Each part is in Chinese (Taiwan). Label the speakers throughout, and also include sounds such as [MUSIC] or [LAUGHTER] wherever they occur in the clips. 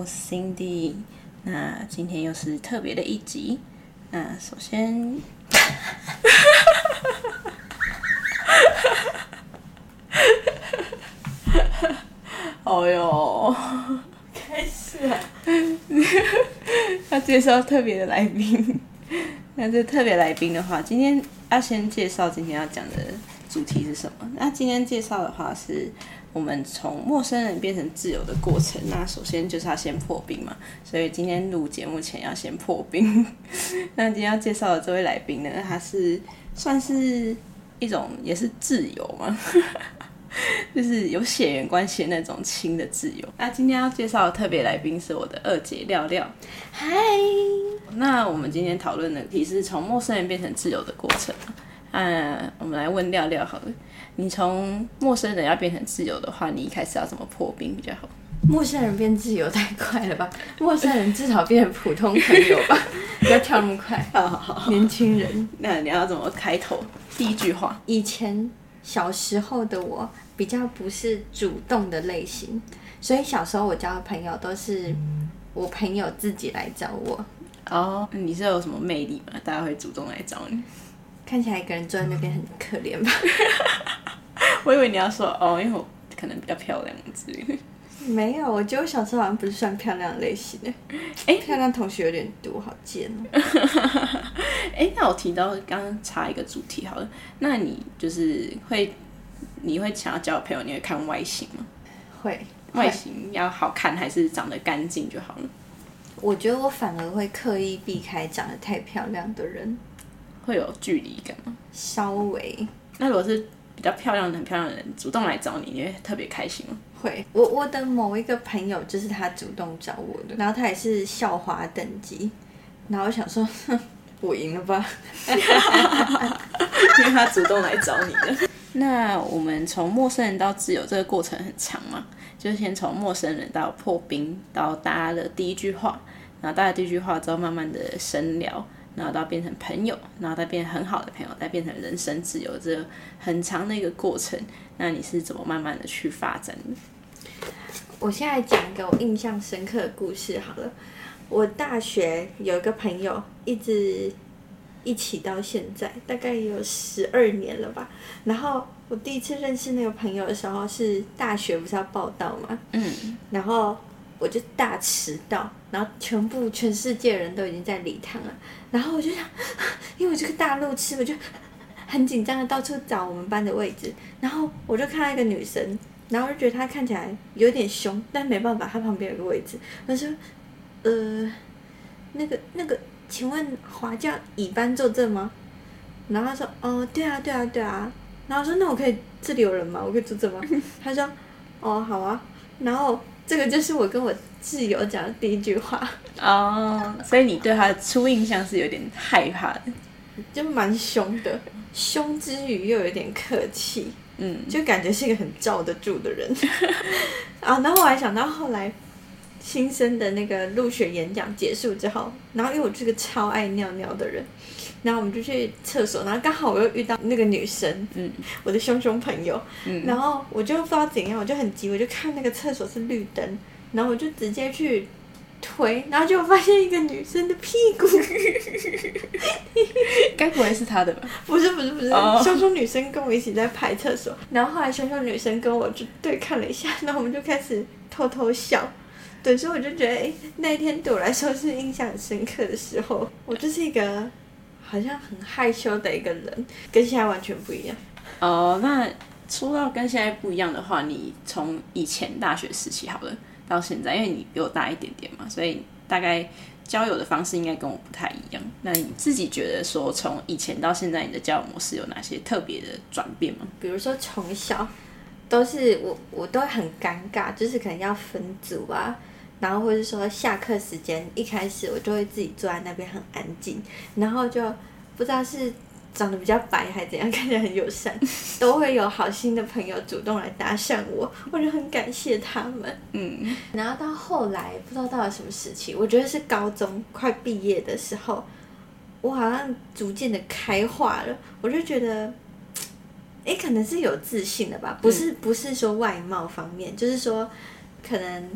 Speaker 1: Oh, Cindy，那今天又是特別的一集。那首先，哈哈哦呦，開始、啊， [LAUGHS] 要介紹特別的來賓。 [LAUGHS] 那這特別來賓的話，今天要先介紹今天要講的主題是什麼？那今天介紹的話是。我們從陌生人變成摯友的過程，那首先就是要先破冰嘛，所以今天錄節目前要先破冰。 [LAUGHS] 那今天要介紹的這位來賓呢，他是算是一種也是摯友嘛， [LAUGHS] 就是有血緣關係那種親的摯友。那今天要介紹的特別來賓是我的二姐廖廖，嗨。那我們今天討論的題是從陌生人變成摯友的過程，嗯、啊，我們來問廖廖好了。你從陌生人要變成摯友的話，你一開始要怎麼破冰比較好？陌生人變摯友太快了吧？陌生人至少變成普通朋友吧，不 [LAUGHS] 要跳那不麼快。 [LAUGHS] 好，好，好，年輕人，那你要怎麼開頭？
Speaker 2: 第一句話？以前小時候的我比較不是主動的類型，所以小時候我交的朋友都是我朋
Speaker 1: 友自己來找我。哦、oh, 嗯，你是有什麼魅力嗎？大家會主動來找你？看起來一個人坐在那邊很可憐吧？ [LAUGHS] 我以為你要說哦，因為我可能比較漂亮之
Speaker 2: 類。沒有，我覺得我小時候好像不是算漂亮的類型誒、欸。漂亮同學有點多，好賤哦、
Speaker 1: 喔。誒、欸，那我提到剛剛插一個主題好了。那你就是會，你會想要交朋友，你會看外形嗎？
Speaker 2: 會，外
Speaker 1: 形要好看還是長得乾淨就好了？
Speaker 2: 我覺得我反而會刻意避開長得太漂亮的人。
Speaker 1: 會有距離感嗎？稍微。那如果是比較漂亮的、很漂亮的人主動來找你，你會特別開心嗎？
Speaker 2: 會。我我的某一個朋友就是他主動找我的，然後他也是
Speaker 1: 校花等級，然後我想說，哼，我贏了吧？ [LAUGHS] [LAUGHS] [LAUGHS] 因為他主動來找你的。 [LAUGHS] 那我們從陌生人到摯友這個過程很長嘛，就是先從陌生人到破冰，到大家的第一句話，然後大家的第一句話之後慢慢的深聊。然後到變成朋友，然後再變成很好的朋友，再變成人生摯友。這個，很長的一個過程。那你是怎麼慢慢的去發展？
Speaker 2: 我
Speaker 1: 現在講一個我印象深刻的故事好了。
Speaker 2: 我大學有一個朋友，一直一起到現在，大概有十二年了吧。然後我第一次認識那個朋友的時候是大學，不是要報到嗎？嗯，然後。我就大遲到，然後全部全世界人都已經在禮堂了，然後我就想，因為我這個大路痴，我就很緊張的到處找我們班的位置，然後我就看到一個女生，然後我就覺得她看起來有點兇，但沒辦法，她旁邊有個位置，我說，呃，那個那個，請問華教乙班坐這嗎？然後她說，哦，對啊，對啊，對啊，然後我說，那我可以這裡有人嗎？我可以坐這嗎？她說，哦，好啊，然後。這個就是我跟我摯友講的第一句話
Speaker 1: 哦，所以你對他的初印象是有點害怕的，就蠻凶的，凶之餘又有點客氣，嗯，就感覺是一個很罩得住
Speaker 2: 的人。啊、 [LAUGHS] 哦，然後我還想到後來新生的那個入學演講結束之後，然後因為我是個超愛尿尿的人。然後我們就去廁所，然後剛好我又遇到那個女生，嗯，我的熊熊朋友，嗯，然後我就不知道怎樣，我就很急，我就看那個廁所是綠燈，然後我就直接去推，然後就發現一個女生的屁股，該不會是她的吧？不是不是不是，熊、oh. 熊熊女生跟我一起在排廁所，然後後來熊熊女生跟我就對看了一下，然後我們就開始偷偷笑，對，所以我就覺得，哎，那一天對我來說是印象很深刻的時候，我就是一個。好像很害羞的一
Speaker 1: 個人，跟現在完全不一樣。哦，那說到跟現在不一樣的話，你從以前大學時期好了到現在，因為你比我大一點點嘛，所以大概交友的方式應該跟我不太一樣。那你自己覺得說，從以前到現在，你的交友模式有哪些特別的轉變嗎？比如說，從小都是我，
Speaker 2: 我都很尷尬，就是可能要分組啊。然後，或者說下課時間一開始，我就會自己坐在那邊很安靜。然後就不知道是長得比較白還是怎樣，看起來很友善，都會有好心的朋友主動來搭訕我，我就很感謝他們。嗯。然後到後來，不知道到了什麼時期，我覺得是高中快畢業的時候，我好像逐漸的開化了。我就覺得，哎，可能是有自信了吧？不是，不是說外貌方面，就是說可能。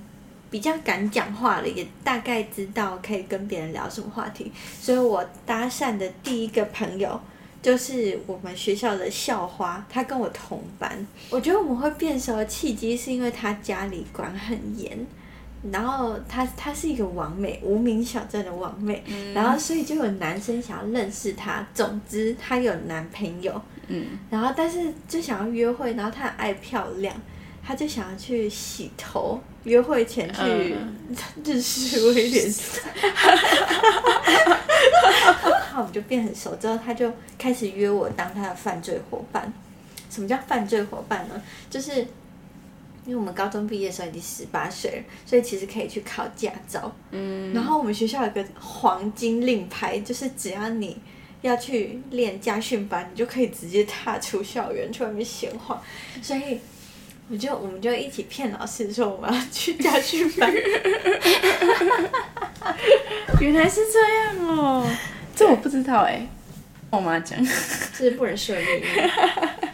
Speaker 2: 比較敢講話了，也大概知道可以跟別人聊什麼話題，所以我搭訕的第一個朋友就是我們學校的校花，她跟我同班。我覺得我們會變熟的契機是因為她家裡管很嚴，然後她她是一個王妹，無名小站的王妹、嗯。然後所以就有男生想要認識她。總之她有男朋友、嗯，然後但是就想要約會，然後她很愛漂亮。他就想要去洗頭，約會前去日式威廉斯。哈、嗯 [LAUGHS] 一， [LAUGHS] [LAUGHS] [LAUGHS] 我們就變很熟之後，他就開始約我當他的犯罪伙伴。什麼叫犯罪伙伴呢？就是因為我們高中畢業的時候已經十八歲了，所以其實可以去考駕照。嗯。然後我們學校有一個黃金令牌，就是只要你要去練駕訓班，你就可以直接踏出校園去外面閒晃。所以。我就
Speaker 1: 我們就一起騙老師說我們要去家訓班， [LAUGHS] [LAUGHS] 原來是這樣哦？ [LAUGHS] 這我不知道哎、欸，我媽講，這 [LAUGHS] 是不能說的 [LAUGHS] [LAUGHS]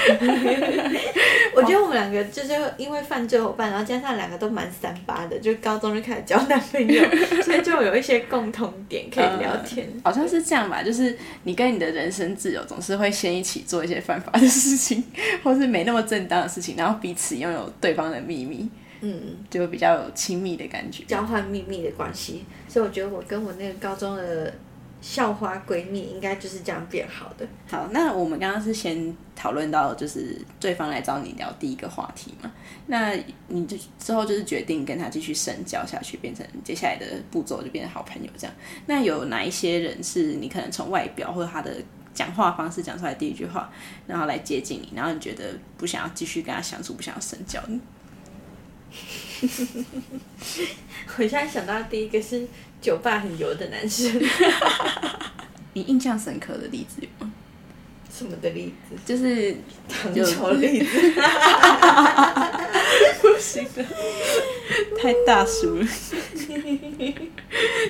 Speaker 1: [LAUGHS] 我覺得我們兩個
Speaker 2: 就是因為犯罪夥伴，然後加上兩個都蠻三八的，就高中就開始交男朋
Speaker 1: 友， [LAUGHS] 所以就有一些共同點可以聊天，嗯。好像是這樣吧，就是你跟你的人生摯友總是會先一起做一些犯法的事情，或是沒那麼正當的事情，然後彼此擁有對方的秘密，嗯，就會比較有親密的感覺，嗯，交換秘密的關係。
Speaker 2: 所以我覺得我跟我那個高中的。校花閨蜜應該就是這樣變好
Speaker 1: 的。好，那我們剛剛是先討論到就是對方來找你聊第一個話題嘛？那你就之後就是決定跟他繼續深交下去，變成接下來的步驟就變成好朋友這樣。那有哪一些人是你可能從外表或者他的講話方式講出來第一句話，然後來接近你，然後你覺得不想要繼續跟他相處，不想要深交你？ [LAUGHS] 我現在想到第一個是。酒吧很油的男生， [LAUGHS] 你印象深刻的例子有嗎？什麼的例子？就是唐球、就是、例子。 [LAUGHS] [LAUGHS] 不行的，太大叔了。 [LAUGHS]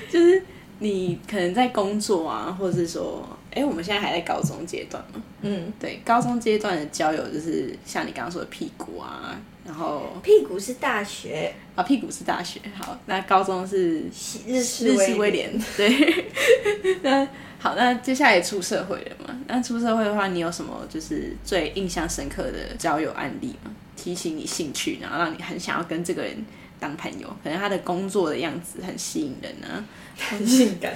Speaker 1: 就是你可能在工作啊，或者是說，哎、欸，我們現在還在高中階段嘛？嗯，對，高中階段的交友就是像你剛剛說的屁股啊。然後屁股是大學啊，屁股是大學。好，那高中是日式日式威廉。對， [LAUGHS] 那好，那接下來也出社會了嘛？那出社會的話，你有什麼就是最印象深刻的交友案例嗎？提醒你興趣，然後讓你很想要跟這個人當朋友，可能他的工作的樣子很吸引人呢、啊嗯，很性感，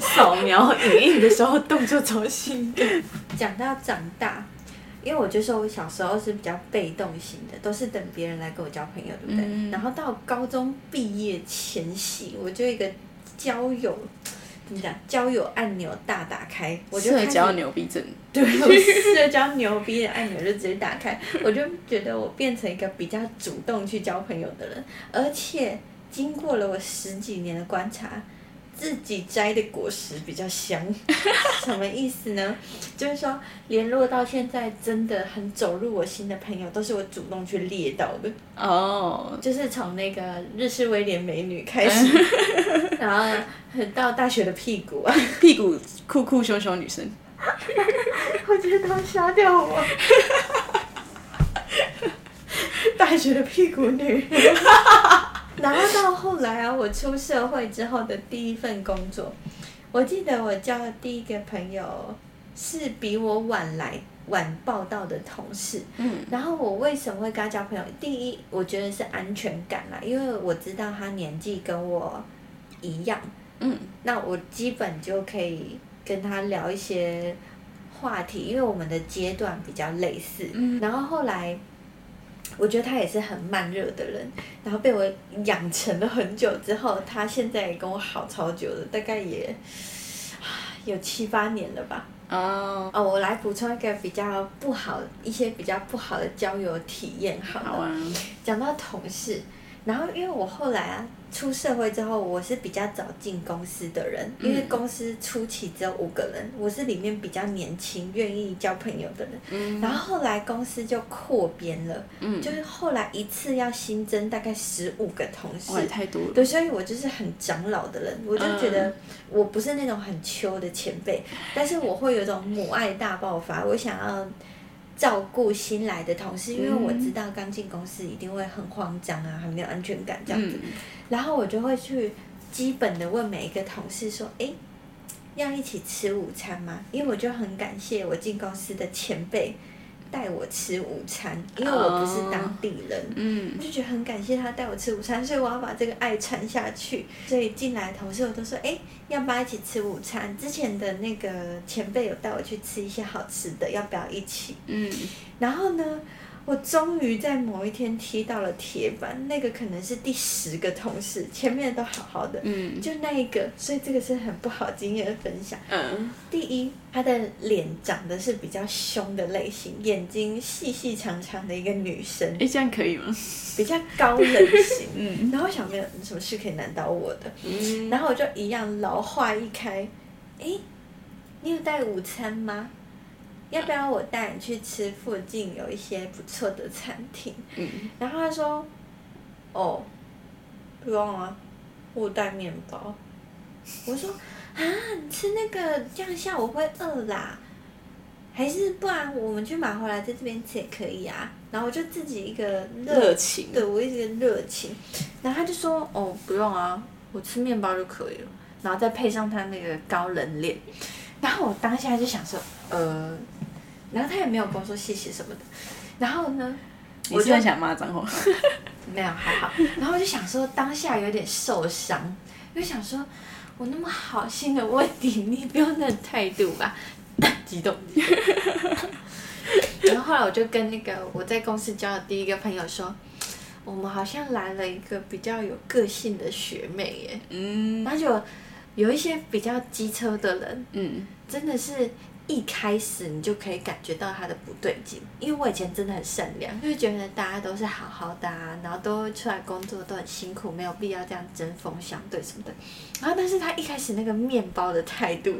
Speaker 1: 掃描 [LAUGHS] [LAUGHS] 影印
Speaker 2: 的時候動作重新講到長大。因為我就說，我小時候是比較被動型的，都是等別人來跟我交朋友，對不對？嗯、然後到高中畢業前夕，我就一個交友怎麼講？交友按鈕大
Speaker 1: 打開，我就社交牛逼症，
Speaker 2: 對，社、就是、社交牛逼的按鈕就直接打開。 [LAUGHS] 我就覺得我變成一個比較主動去交朋友的人，而且經過了我十幾年的觀察。自己摘的果實比較香，什麼意思呢？就是說，聯絡到現在真的很走入我心的朋友，都是我主動去列到的哦、oh。就是從那個日式威廉
Speaker 1: 美女開始， [LAUGHS] 然後很到大學的屁股、啊、 [LAUGHS] 屁股酷酷、兇兇女生， [LAUGHS] 我覺得他殺掉我
Speaker 2: [LAUGHS]
Speaker 1: 大學的屁股女。 [LAUGHS]
Speaker 2: 然後到後來啊，我出社會之後的第一份工作，我記得我交的第一個朋友是比我晚來、晚報到的同事。嗯，然後我為什麼會跟他交朋友？第一，我覺得是安全感啦，因為我知道他年紀跟我一樣。嗯，那我基本就可以跟他聊一些話題，因為我們的階段比較類似。嗯，然後後來。我覺得他也是很慢熱的人，然後被我養成了很久之後，他現在也跟我好超久了，大概也有七八年了吧。哦、oh.，哦，我來補充一個比較不好一些比較不好的交友體驗好，好了、啊，講到同事，然後因為我後來啊。出社會之後，我是比較早進公司的人，因為公司初期只有五個人，嗯、我是裡面比較年輕、願意交朋友的人。嗯、然後後來公司就擴編了、嗯，就是後來一次要新增大概十五個同事，哇，太多了。對，所以我就是很長老的人，我就覺得我不是那種很秋的前輩，嗯、但是我會有一種母愛大爆發，我想要照顧新來的同事，因為我知道剛進公司一定會很慌張啊，很沒有安全感這樣子。嗯然後我就會去基本的問每一個同事說，欸，要一起吃午餐嗎？因為我就很感謝我進公司的前輩帶我吃午餐，因為我不是當地人，哦、嗯，我就覺得很感謝他帶我吃午餐，所以我要把這個愛傳下去。所以進來同事我都說，欸，要不要一起吃午餐？之前的那個前輩有帶我去吃一些好吃的，要不要一起？嗯，然後呢，我終於在某一天踢到了鐵板，那個可能是第十個同事，前面都好好的，嗯、就那一個，所以這個是很不好經驗的分享。嗯、第一，她的臉長得是比較兇的類型，眼睛細細長長長的一個女生，誒，這樣可以嗎？比較高冷型、 [LAUGHS] 嗯，然後想沒有什麼事可以難倒我的，嗯、然後我就一樣老話一開，哎，你有帶午餐嗎？要不要我帶你去吃，附近有一些不錯的餐廳？嗯，然後他說：“哦，不用啊，我帶麵包。”我說：“啊，你吃那個這樣下午會餓啦，還是不然我們去買回來在這邊吃也可以啊。”然後我就自己一個熱、熱情，對我一直熱情。然後他就說：“哦，不用啊，我吃麵包就可以了。”然後再配上他那個高冷臉，然後我當下就想說：“呃。”然後他也沒有跟我說謝謝什麼的，然後呢，
Speaker 1: 我就很想罵髒話，
Speaker 2: [LAUGHS] 沒有還好，好。然後就想說當下有點受傷，就想說我那麼好心的問題，你不用那態度吧？ [LAUGHS] 激動。 [LAUGHS] 然後後來我就跟那個我在公司交的第一個朋友說，我們好像來了一個比較有個性的學妹耶。嗯。而且有一些比較機車的人，嗯，真的是。一開始你就可以感覺到他的不對勁，因為我以前真的很善良，就覺得大家都是好好的啊，然後都出來工作都很辛苦，沒有必要這樣針鋒相對什麼的。然後，但是他一開始那個麵包的態度，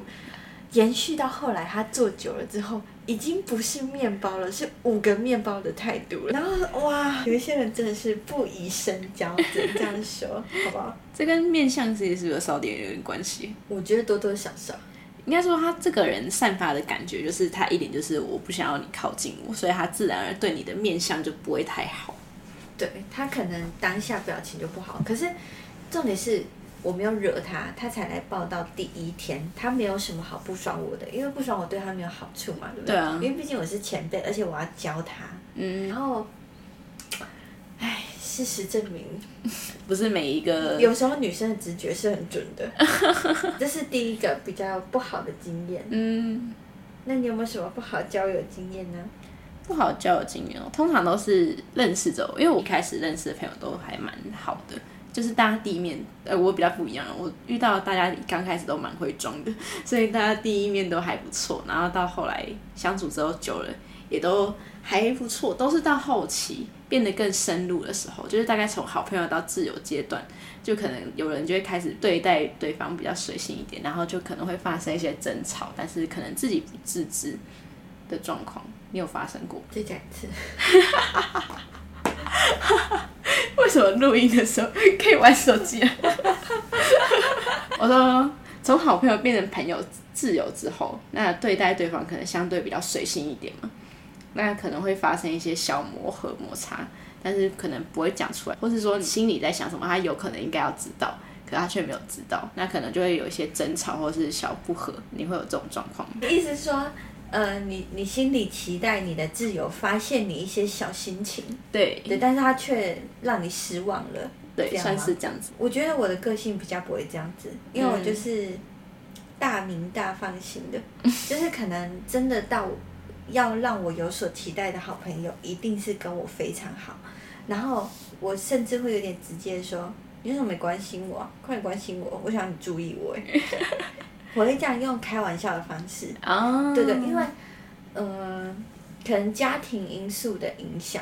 Speaker 2: 延續到後來，他做久了之後，已經不是麵包了，是五個麵包的
Speaker 1: 態度了。然後，哇，有一些人真的是不宜深交，只能這樣說，好不好？這跟面相其實是不是有少點有點關係？我覺得多多少少。應該說他這個人散發的感覺就是他一點，就是我不想要你靠近我，所以他自然而然對你的面相就不會太好。
Speaker 2: 對，他可能當下表情就不好，可是重點是我沒有惹他，他才來報到第一天，他沒有什麼好不爽我的，因為不爽我對他沒有好處嘛，對不對？對啊、因為畢竟我是前輩，而且我要教他。嗯，然後。哎，事實證明， [LAUGHS] 不是每一個，有時候
Speaker 1: 女生的直覺是很準的，
Speaker 2: [LAUGHS] 這是第一個比較不好的經驗。嗯，那你有沒有什麼不好交友經驗呢？
Speaker 1: 不好交友經驗，通常都是認識着，因為我開始認識的朋友都還蠻好的，就是大家第一面，呃，我比較不一樣，我遇到大家剛開始都蠻會裝的，所以大家第一面都還不錯，然後到後來相處之後久了，也都還不錯，都是到後期。變得更深入的時候，就是大概從好朋友到自由階段，就可能有人就會開始對待對方比較隨性一點，然後就可能會發生一些爭吵，但是可能自己不自知的狀況，你有發生過？這件事，次。 [LAUGHS] 為什麼錄音的時候可以玩手機啊？ [LAUGHS] 我說從好朋友變成朋友自由之後，那對待對方可能相對比較隨性一點嘛。大概可能會發生一些小磨合摩擦，但是可能不會講出來，或是說你心裡在想什麼，他有可能應該要知道，可他卻沒有知道，那可能就會有一些爭吵或是小不和。你會有這種狀況？
Speaker 2: 意思說，呃，你你心裡期待你的自由，發現你一些小心情，對對，但是他卻讓你失望了對，對，算是這樣子。我覺得我的個性比較不會這樣子，因為我就是大明大放心的、嗯，就是可能真的到。要讓我有所期待的好朋友，一定是跟我非常好。然後我甚至會有點直接說：“你為什麼沒關心我？快點關心我！我想你注意我。 [LAUGHS] ”我會這樣用開玩笑的方式，哦、對對，因為嗯、呃，可能家庭因素的影響，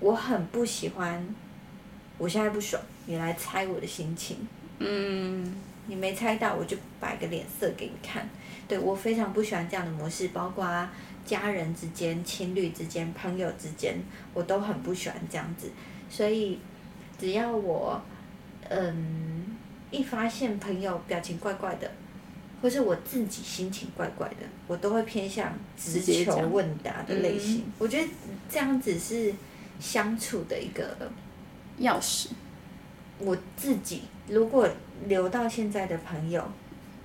Speaker 2: 我很不喜歡。我現在不爽，你來猜我的心情。嗯，你沒猜到，我就擺個臉色給你看。對，我非常不喜歡這樣的模式，包括家人之間、情侶之間、朋友之間，我都很不喜歡這樣子。所以，只要我嗯一發現朋友表情怪怪的，或是我自己心情怪怪的，我都會偏向直球問答的類型，嗯。我覺得這樣子是相處的一個鑰匙。我自己如果留到現在的朋友。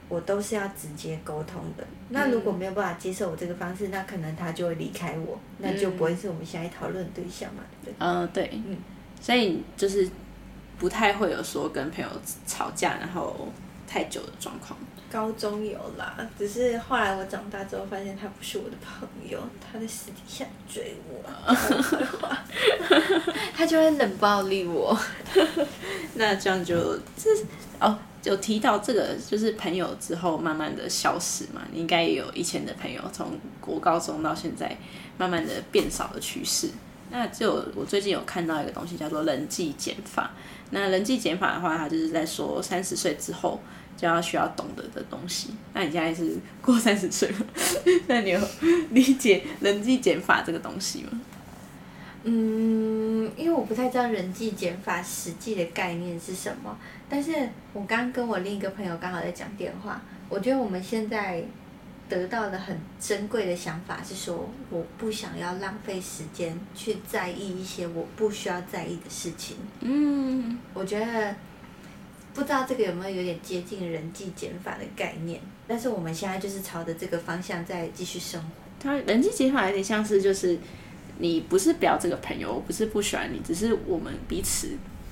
Speaker 2: 我都是要直接溝通的。那如果沒有辦法接受我這個方式，嗯、那可能他就會離開我，那就不會是我們現在討論
Speaker 1: 對象嘛。嗯、對。嗯、呃，對。嗯，所以就是不太會有說跟朋友吵架然後太久的狀況。
Speaker 2: 高中有啦，只是後來我長大之後發現他不是我的朋友，他在私底下追我，壞
Speaker 1: 話， [LAUGHS] [LAUGHS] 他就會冷暴力我。 [LAUGHS] 那這樣就、嗯、這哦。有提到這個，就是朋友之後慢慢的消失嘛？你應該也有以前的朋友，從國高中到現在，慢慢的變少的趨勢。那就我最近有看到一個東西，叫做人際減法。那人際減法的話，它就是在說三十歲之後就要需要懂得的東西。那你現在是過三十歲嗎？ [LAUGHS] 那你有理解人際減法這個東西嗎？
Speaker 2: 嗯，因為我不太知道人際減法實際的概念是什麼，但是我剛剛跟我另一個朋友剛好在講電話，我覺得我們現在得到的很珍貴的想法是說，我不想要浪費時間去在意一些我不需要在意的事情。嗯，我覺得不知道這個有沒有有點接近人際減法的概念，但是我們現在就是朝着這
Speaker 1: 個方向在繼續生活。他人際減法有點像是就是。你不是不要這個朋友，我不是不喜歡你，只是我們彼此，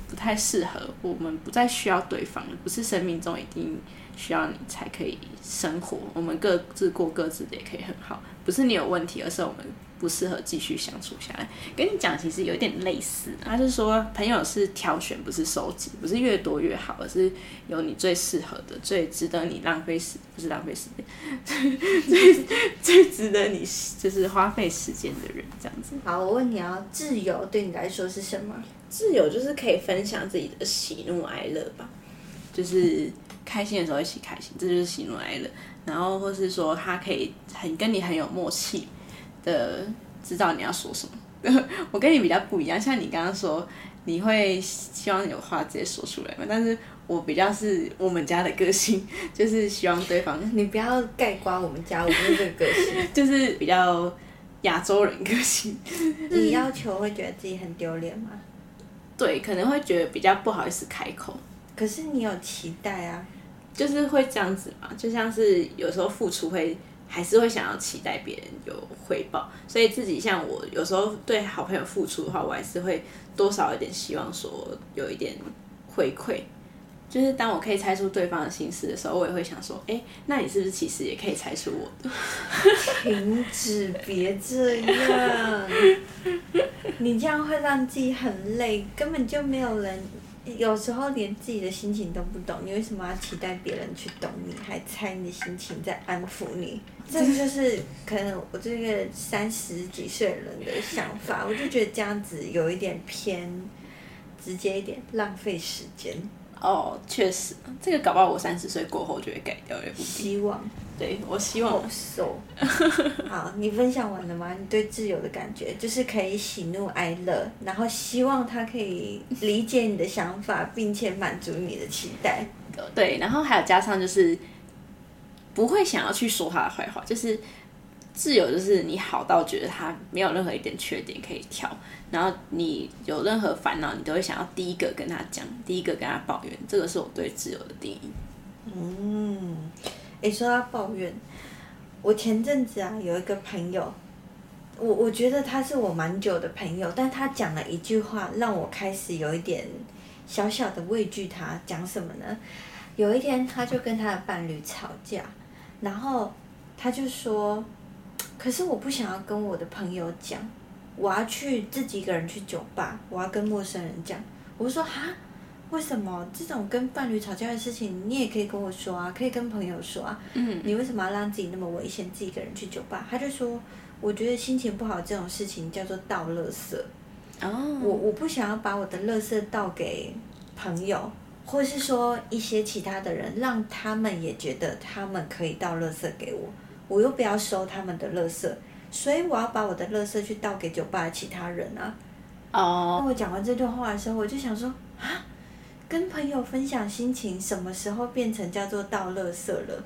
Speaker 1: 不太適合，我們不再需要對方了。不是生命中一定需要你才可以生活，我們各自過各自的也可以很好。不是你有問題，而是我們不適合繼續相處下來。跟你講，其實有點類似，他是說朋友是挑選，不是收集，不是越多越好，而是有你最適合的，最值得你浪費時，不是浪費時間， [LAUGHS] 最最值得你就是花費時間的人。這樣子。好，我問你啊，自由對你來說是什麼？自由就是可以分享自己的喜怒哀樂吧，就是開心的時候一起開心，這就是喜怒哀樂。然後或是說他可以很跟你很有默契的知道你要說什麼。 [LAUGHS] 我跟你比較不一樣，像你剛剛說你會希望有話直接說出來嘛，但是我比較是我們家的個性，就是希望對方 [LAUGHS] 你不要蓋棺我們家，我就是這個個性， [LAUGHS] 就是比較亞洲人個性。
Speaker 2: [LAUGHS] 你要求
Speaker 1: 會覺得自己很丟臉嗎？對，可能會覺得比較不好意思開口。可是你有期待啊，就是會這樣子嘛，就像是有時候付出會，還是會想要期待別人有回報，所以自己像我有時候對好朋友付出的話，我還是會多少有點希望說有一點回饋。就是當我可以猜出對方的心思的時候，我也會想說：哎、欸，那你是不是其實也可以猜出我的？停止，別這樣！
Speaker 2: [LAUGHS] 你這樣會讓自己很累，根本就沒有人。有時候連自己的心情都不懂，你為什麼要期待別人去懂你，還猜你的心情，在安撫你？這個、就是可能我這個三十幾歲人的想法，我就覺得這樣子有一點偏，直接一點浪，浪費時間。哦，
Speaker 1: 確實，這個搞不好我三十歲過後就會改掉。希望，對，我希望瘦。Oh, so. [LAUGHS] 好，
Speaker 2: 你分享完了嗎？你對自由的感覺就是可以喜怒哀樂，然後希望他可以理解你的想法，並且滿足你的
Speaker 1: 期待。對，然後還有加上就是不會想要去說他的壞話，就是。自由就是你好到覺得他沒有任何一點缺點可以挑，然後你有任何煩惱，你都會想要第一個跟他講，第一個跟他抱怨。這個是我對自由的定
Speaker 2: 義。嗯，欸，說到抱怨，我前陣子啊有一個朋友，我我覺得他是我蠻久的朋友，但他講了一句話，讓我開始有一點小小的畏懼。他講什麼呢？有一天他就跟他的伴侶吵架，然後他就說。可是我不想要跟我的朋友講，我要去自己一個人去酒吧，我要跟陌生人講。我說哈，為什麼這種跟伴侶吵架的事情，你也可以跟我說啊，可以跟朋友說啊嗯嗯，你為什麼要讓自己那麼危險，自己一個人去酒吧？他就說，我覺得心情不好這種事情叫做倒垃圾。哦，我我不想要把我的垃圾倒給朋友，或是說一些其他的人，讓他們也覺得他們可以倒垃圾給我。我又不要收他們的垃圾，所以我要把我的垃圾去倒給酒吧的其他人啊。哦。那我講完這段話的時候，我就想說啊，跟朋友分享心情，什麼時候變成叫做倒垃圾了？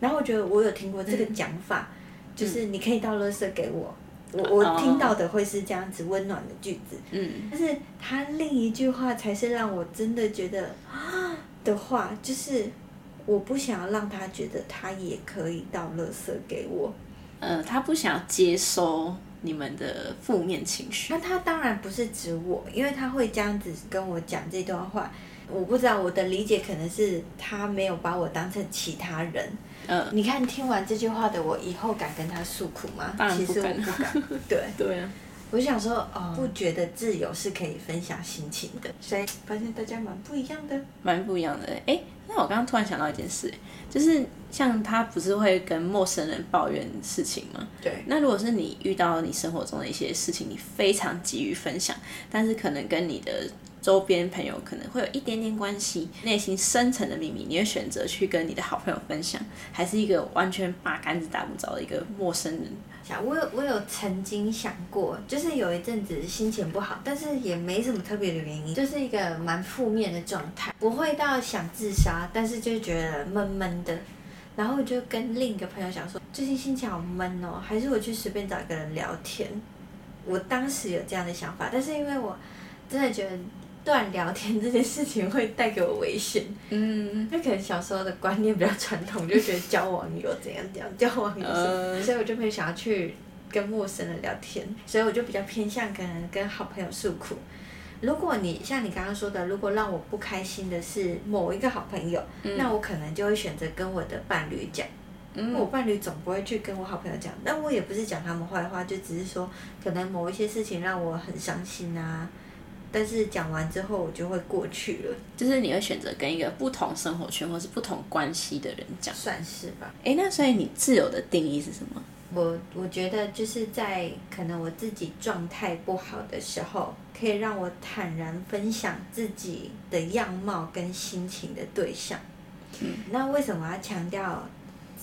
Speaker 2: 然後我覺得我有聽過這個講法、嗯，就是你可以倒垃圾給我，嗯、我我聽到的會是這樣子溫暖的句子。嗯、oh.。但是他另一句話才是讓我真的覺得啊的話，就是。我不想要讓他覺得他也可以倒垃圾給我，呃、他不想要接收你們的負面情緒。那他當然不是指我，因為他會這樣子跟我講這段話。我不知道，我的理解可能是他沒有把我當成其他人。嗯、呃，你看聽完這句話的我，以後敢跟他訴苦嗎？當然不敢。其實我不敢。對 [LAUGHS] 對。對啊我想說，哦，不
Speaker 1: 覺得自由是可以分享心情的，
Speaker 2: 所以發現大家蠻不一樣的，
Speaker 1: 蠻不一樣的欸。哎，欸，那我剛剛突然想到一件事欸，就是像他不是會跟陌生人抱怨事情嗎？對。那如果是你遇到你生活中的一些事情，你非常急於分享，但是可能跟你的。周邊朋友可能會有一點點關係，內心深層的秘密，你會選擇去跟你的好朋友分享，還是一個完全八竿子打不着的一個陌生
Speaker 2: 人？我有我有曾經想過，就
Speaker 1: 是有一陣子心
Speaker 2: 情不好，但是也沒什麼特別的原因，就是一個蠻負面的狀態，不會到想自殺，但是就覺得悶悶的，然後我就跟另一個朋友想說，最近心情好悶哦，還是我去隨便找一個人聊天。我當時有這樣的想法，但是因為我真的覺得。突然聊天這件事情會帶給我危險，嗯，那可能小時候的觀念比較傳統，就覺得交網友怎樣， [LAUGHS] 樣交網友、嗯、所以我就沒有想要去跟陌生人聊天，所以我就比較偏向跟跟好朋友訴苦。如果你像你剛剛說的，如果讓我不開心的是某一個好朋友，嗯、那我可能就會選擇跟我的伴侶講，嗯，因為我伴侶總不會去跟我好朋友講，但我也不是講他們壞話，就只是說可能某一些事情讓我很
Speaker 1: 傷心啊。但是講完之後，我就會過去了。就是你會選擇跟一個不同生活圈或是不同關係的人講，算是吧？誒，那所以你自由的定義是什麼？
Speaker 2: 我我覺得就是在可能我自己狀態不好的時候，可以讓我坦然分享自己的樣貌跟心情的對象。嗯。那為什麼我要強調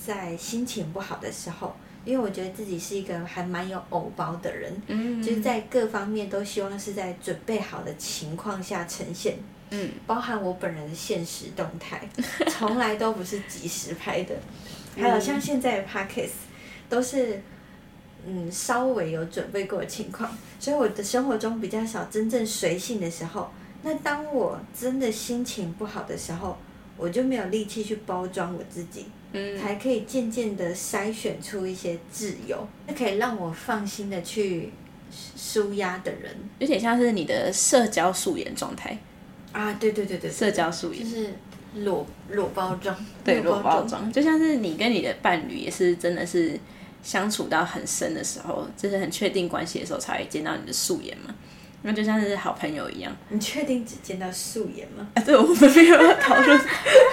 Speaker 2: 在心情不好的時候？因為我覺得自己是一個還蠻有“偶包”的人，嗯嗯嗯，就是在各方面都希望是在準備好的情況下呈現，嗯、包含我本人的現實動態， [LAUGHS] 從來都不是即時拍的。還有像現在的 podcast，都是嗯稍微有準備過的情況，所以我的生活中比較少真正隨性的時候。那當我真的心情不好的時候，我就沒有力氣去包裝我自己，嗯，才可以漸漸的篩選出一些自由，可以讓我放心的去舒壓的人，
Speaker 1: 有點像是你的社交素顏狀態，啊，對對對，對對對對，社交素顏就是裸
Speaker 2: 裸包裝，
Speaker 1: 對，裸包裝，就像是你跟你的伴侶也是真的是相處到很深的時候，就是很確定關係的時候，才會見到你的素顏嘛。那就像是好朋友一樣，你確定只見
Speaker 2: 到素顏嗎？
Speaker 1: 啊，對，我們沒有要討論。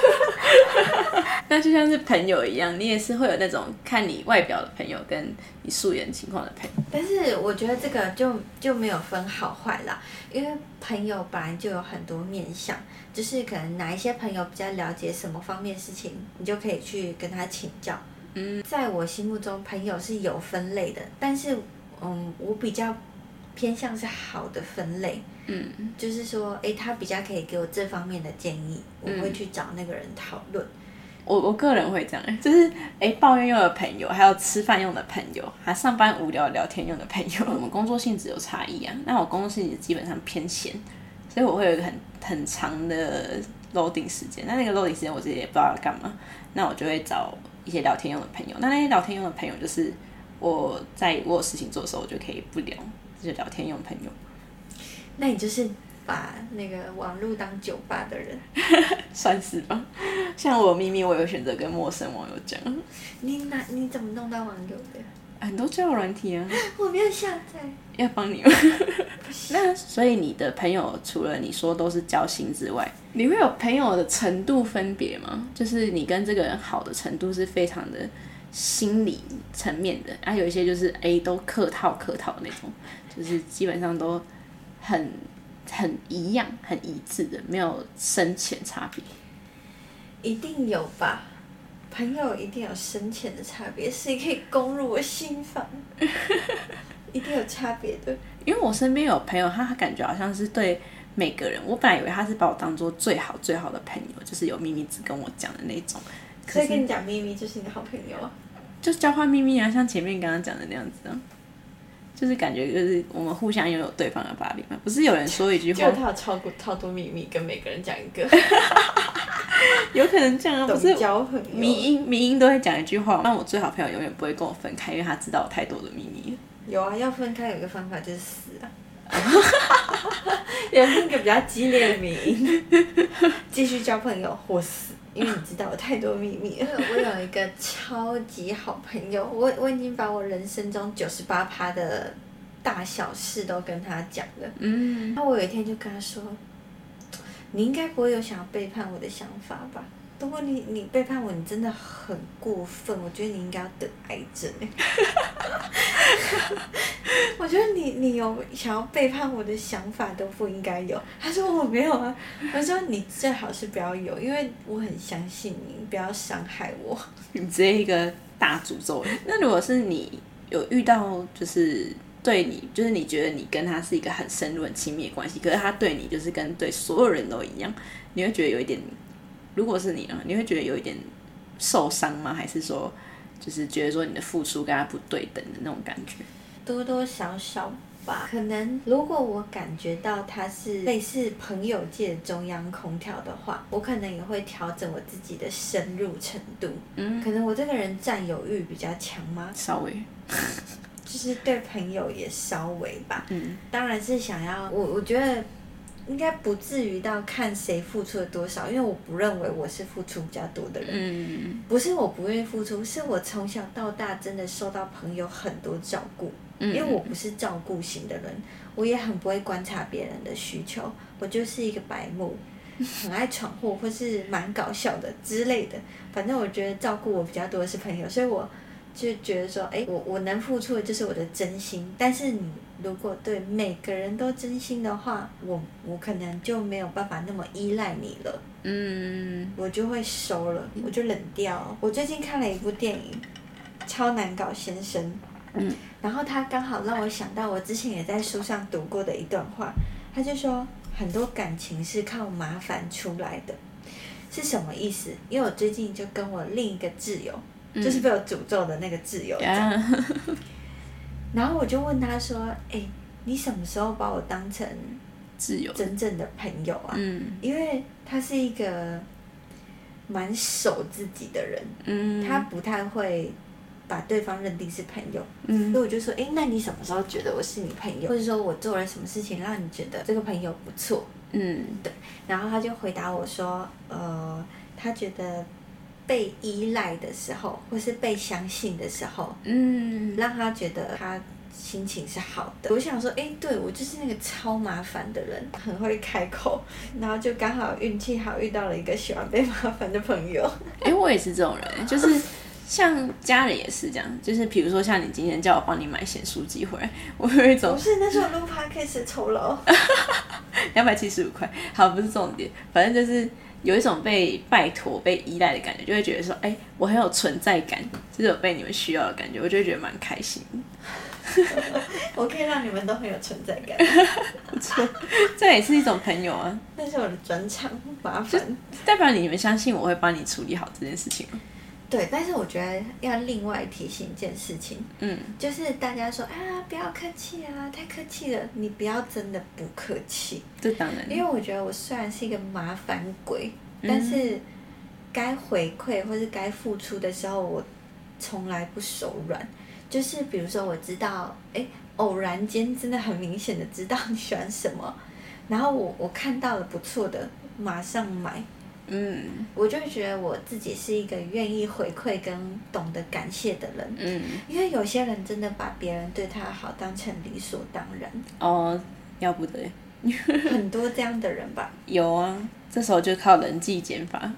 Speaker 1: [LAUGHS] [LAUGHS] 那就像是朋友一樣，你也是會有那種看你外表的朋友，跟你素顏情況的朋
Speaker 2: 友。但是我覺得這個就就沒有分好壞啦，因為朋友本來就有很多面向，就是可能哪一些朋友比較了解什麼方面事情，你就可以去跟他請教。嗯，在我心目中，朋友是有分類的，但是嗯，我比較。偏向是好的分類，嗯，就是說，誒、欸，他比較可以給我這方面的建議，嗯、我會去
Speaker 1: 找那個人討論。我我個人會這樣，就是，誒、欸，抱怨用的朋友，還有吃飯用的朋友，還、啊、上班無聊聊天用的朋友。我們工作性質有差異啊，那我工作性質基本上偏閒，所以我會有一個很很長的 loading 時間。那那個 loading 時間，我自己也不知道要幹嘛，那我就會找一些聊天用的朋友。那那些聊天用的朋友，就是我在我有事情做的時候，我就可以不聊。就是聊天用朋友，那你就是
Speaker 2: 把那個網絡當酒吧的人，
Speaker 1: [LAUGHS] 算是吧？像我秘密，我有選擇跟陌生網友講。
Speaker 2: 你哪？你怎麼弄到網友的？
Speaker 1: 很多交友軟體啊。
Speaker 2: 我沒有下載。
Speaker 1: 要幫你嗎？ [LAUGHS] 那所以你的朋友除了你說都是交心之外，你會有朋友的程度分別嗎？就是你跟這個人好的程度是非常的心理層面的，還、啊、有一些就是 A、欸、都客套客套的那種。就是基本上都很很一樣、很一致的，沒有深淺差別。
Speaker 2: 一定有吧？朋友一定有深淺的差別，誰可以攻入我心房？ [LAUGHS] 一定有差別的。
Speaker 1: 因為我身邊有朋友，他感覺好像是對每個人。我本來以為他是把我當做最好最好的朋友，就是有秘密只跟我講的那種。
Speaker 2: 可以跟你講秘密，就是你好朋友。
Speaker 1: 就交換秘密，啊，像前面剛剛講的那樣子啊、喔。就是感覺，就是我們互相擁有對方的法力嘛。不是有人說一句話，就他有超多超多秘密，跟每個人講一個， [LAUGHS] 有可能這樣啊。不是迷因，迷因都會講一句話，讓我最好朋友永遠不會跟我分開，因為他知道我太多的秘密。
Speaker 2: 有啊，要分開有一個方法就是死啊，
Speaker 1: 也 [LAUGHS] 是個比較激烈的迷因，繼續交朋
Speaker 2: 友或死。因為你知道我太多秘密了 [LAUGHS] 我。我有一個超級好朋友，我我已經把我人生中九十八趴的大小事都跟他講了。嗯。那我有一天就跟他說：“你應該不會有想要背叛我的想法吧？”如果你你背叛我，你真的很過分。我覺得你應該要得癌症。 [LAUGHS] 我覺得你你有想要背叛我的想法都不應該有。他說我沒有啊。我說你最好是不要有，因
Speaker 1: 為我很相信你，不要傷害我。你直接一個大詛咒。那如果是你有遇到，就是對你，就是你覺得你跟他是一個很深入、很親密的關係，可是他對你就是跟對所有人都一樣，你會覺得有一點。如果是你呢？你會覺得有一點受傷嗎？還是說，就是覺得說你的付出跟他不對等的那種感覺？
Speaker 2: 多多少少吧。可能如果我感覺到他是類似朋友界的中央空調的話，我可能也會調整我自己的深入程度。嗯，可能我這個人占有欲比較強嗎？稍微，就是對朋友也稍微吧。嗯，當然是想要，我，我覺得。應該不至於到看誰付出了多少，因為我不認為我是付出比較多的人，不是我不願意付出，是我從小到大真的受到朋友很多照顧，因為我不是照顧型的人，我也很不會觀察別人的需求，我就是一個白目，很愛闖禍或是蠻搞笑的之類的，反正我覺得照顧我比較多的是朋友，所以我。就覺得說，哎、欸，我我能付出的就是我的真心。但是你如果對每個人都真心的話，我我可能就沒有辦法那麼依賴你了。嗯，嗯，嗯，我就會收了，我就冷掉了。我最近看了一部電影，《超難搞先生》。嗯。然後他剛好讓我想到我之前也在書上讀過的一段話，他就說很多感情是靠麻煩出來的，是什麼意思？因為我最近就跟我另一個摯友。Mm. 就是被我詛咒的那個自由
Speaker 1: ，yeah.
Speaker 2: [LAUGHS] 然後我就問他說：“哎、欸，你什麼時候把我當成自由真正的朋友啊？嗯、因為他是一個蠻守自己的人、嗯，他不太會把對方認定是朋友。嗯、所以我就說：哎、欸，那你什麼時候覺得我是你朋友？或者說我做了什麼事情讓你覺得這個朋友不錯？嗯，對。然後他就回答我說：呃，他覺得。”被依賴的時候，或是被相信的時候，嗯，讓他覺得他心情是好的。嗯、我想說，哎、欸，對，我就是那個超麻煩的人，很會開口，然後就剛好運氣好遇到了一個喜歡
Speaker 1: 被麻煩的朋友。哎、欸，我也是這種人，就是像家裡也是這樣，就是比如說像你今天叫我幫你買洗漱機回，我有一種，不是，那時候是
Speaker 2: 我錄 podcast 的酬
Speaker 1: 勞，兩百七十五塊。好，不是重點，反正就是。有一種被拜託、被依賴的感覺，就會覺得說：“哎、欸，我很有存在感，就是有被你們需要的感覺。”我就會覺得蠻開心。
Speaker 2: [LAUGHS] [LAUGHS] 我可以讓你們都很有存在感，
Speaker 1: 不錯。這也是一種朋友啊。那
Speaker 2: 是我的專長，麻
Speaker 1: 煩。代表你們相信我會幫你處理好這件事情。
Speaker 2: 對，但是我覺得要另外提醒一件事情，嗯，就是大家說啊，不要客氣啊，太客氣了，你不要真的不客氣。這當然，因為我覺得我雖然是一個麻煩鬼，嗯、但是該回饋或是該付出的時候，我從來不手軟。就是比如說，我知道，哎，偶然間真的很明顯的知道你喜歡什麼，然後我我看到了不錯的，馬上買。嗯，我就覺得我自己是一個願意回饋跟懂得感謝的人。嗯，因為有些人真的把別人對他好當成理所當然。
Speaker 1: 哦，要不得。
Speaker 2: [LAUGHS] 很多這樣的人吧。
Speaker 1: 有啊，這時候就靠人際減法，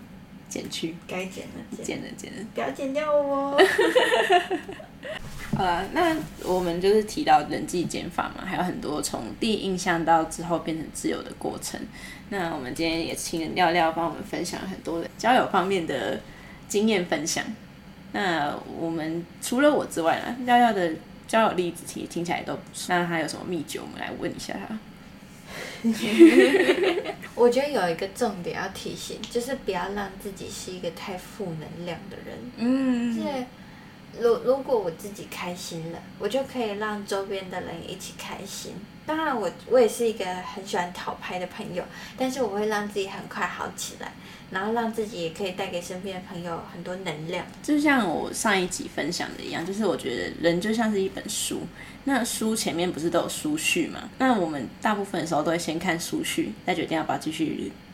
Speaker 1: 減去該減的，減的減，
Speaker 2: 不要減掉我。 [LAUGHS]
Speaker 1: 好啦，那我們就是提到人際減法嘛，還有很多從第一印象到之後變成自由的過程。那我們今天也請廖廖幫我們分享很多的交友方面的經驗分享。那我們除了我之外呢，廖廖的交友例子其實聽起來都不錯。那他還有什麼秘訣？我們來問一下他。
Speaker 2: [LAUGHS] [LAUGHS] 我覺得有一個重點要提醒，就是不要讓自己是一個太負能量的人。嗯。如如果我自己開心了，我就可以讓周邊的人一起開心。當然我，我我也是一個很喜歡討拍的朋友，但是我會讓自己很快好起來，然後讓自己也可以帶給身邊的朋友很多能量。
Speaker 1: 就像我上一集分享的一樣，就是我覺得人就像是一本書，那書前面不是都有書序嘛？那我們大部分的時候都會先看書序，再決定要不要繼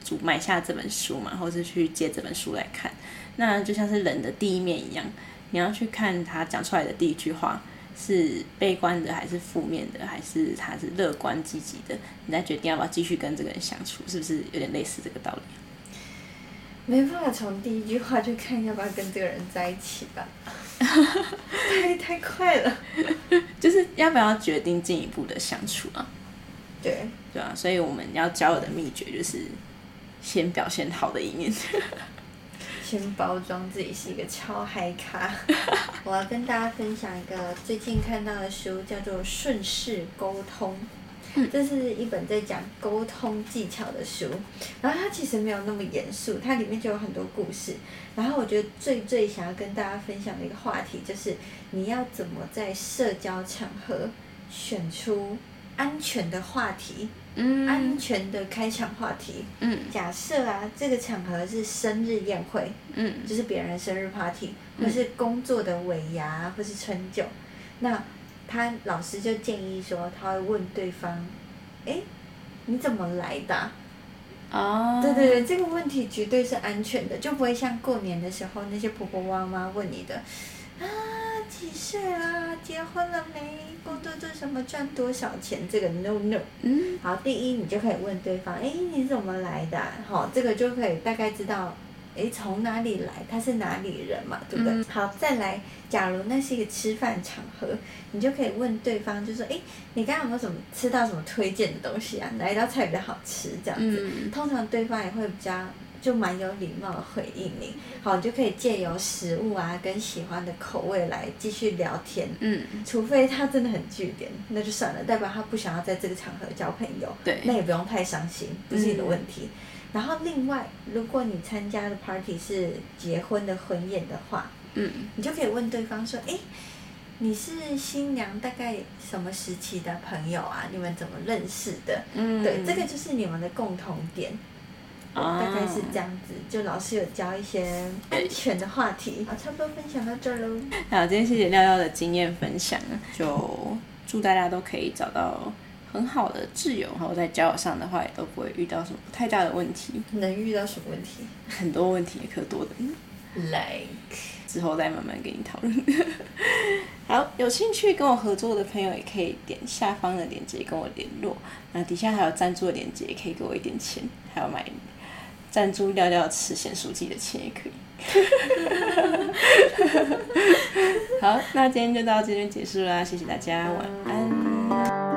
Speaker 1: 續買下這本書嘛，或是去借這本書來看。那就像是人的第一面一樣。你要去看他講出來的第一句話，是悲觀的還是負面的，還是他是樂觀積極的，你再決定要不要繼續跟這個人相處，是不是有點類似這個道理？沒
Speaker 2: 辦法從第一句話去看要不要跟這個人在一起吧？ [LAUGHS] 太
Speaker 1: 太快了，就是要不要決定進一步的相處啊？對對啊，所以我們要交友的秘訣就是先表現好的一面。
Speaker 2: 先包裝自己是一個超嗨咖。我要跟大家分享一個最近看到的書，叫做《順勢溝通》，這是一本在講溝通技巧的書。然後它其實沒有那麼嚴肅，它裡面就有很多故事。然後我覺得最最想要跟大家分享的一個話題，就是你要怎麼在社交場合選出安全的話題。嗯、安全的開場話題，嗯、假設啊，這個場合是生日宴會，嗯，就是別人的生日 party，、嗯、或是工作的尾牙，或是春酒、嗯，那他老師就建議說，他會問對方，哎、欸，你怎麼來的？
Speaker 1: 哦，對對
Speaker 2: 對，這個問題絕對是安全的，就不會像過年的時候那些婆婆媽媽問你的。啊幾歲啦、啊？結婚了沒？工作做什麼？賺多少錢？這個 no no。嗯。好，第一你就可以問對方，誒、欸，你怎麼來的、啊？好，這個就可以大概知道，誒、欸，從哪裡來？他是哪裡人嘛？對不對、嗯？好，再來，假如那是一個吃飯場合，你就可以問對方，就說，誒、欸，你剛剛有沒有什麼吃到什麼推薦的東西啊？哪一道菜比較好吃？這樣子，嗯、通常對方也會比較。就蠻有禮貌的回應你，好，你就可以借由食物啊，跟喜歡的口味來繼續聊天。嗯，除非他真的很據點，那就算了，代表他不想要在這個場合交朋友。對，那也不用太傷心，不是你的問題。嗯、然後另外，如果你參加的 party 是結婚的婚宴的話，嗯，你就可以問對方說，哎、欸，你是新娘大概什麼時期的朋友啊？你們怎麼認識的？嗯，對，這個就是你們的共同點。大概是這樣子，哦，就老師有教一些安全的話題，好，差不多分享到這
Speaker 1: 兒嘍。好，今天謝謝廖廖的經驗分享，就祝大家都可以找到很好的摯友，然後在交友上的話，也都不會遇到什麼不太大的問題。能遇到什麼問題？很多問題，也可多的。來 like...，之後再慢慢跟你討論。 [LAUGHS] 好，有興趣跟我合作的朋友也可以點下方的鏈接跟我聯絡。那底下還有贊助的鏈接，也可以給我一點錢，還有買。贊助廖廖吃鹹酥雞的錢也可以。 [LAUGHS] 好，那今天就到這邊結束啦，謝謝大家，晚安。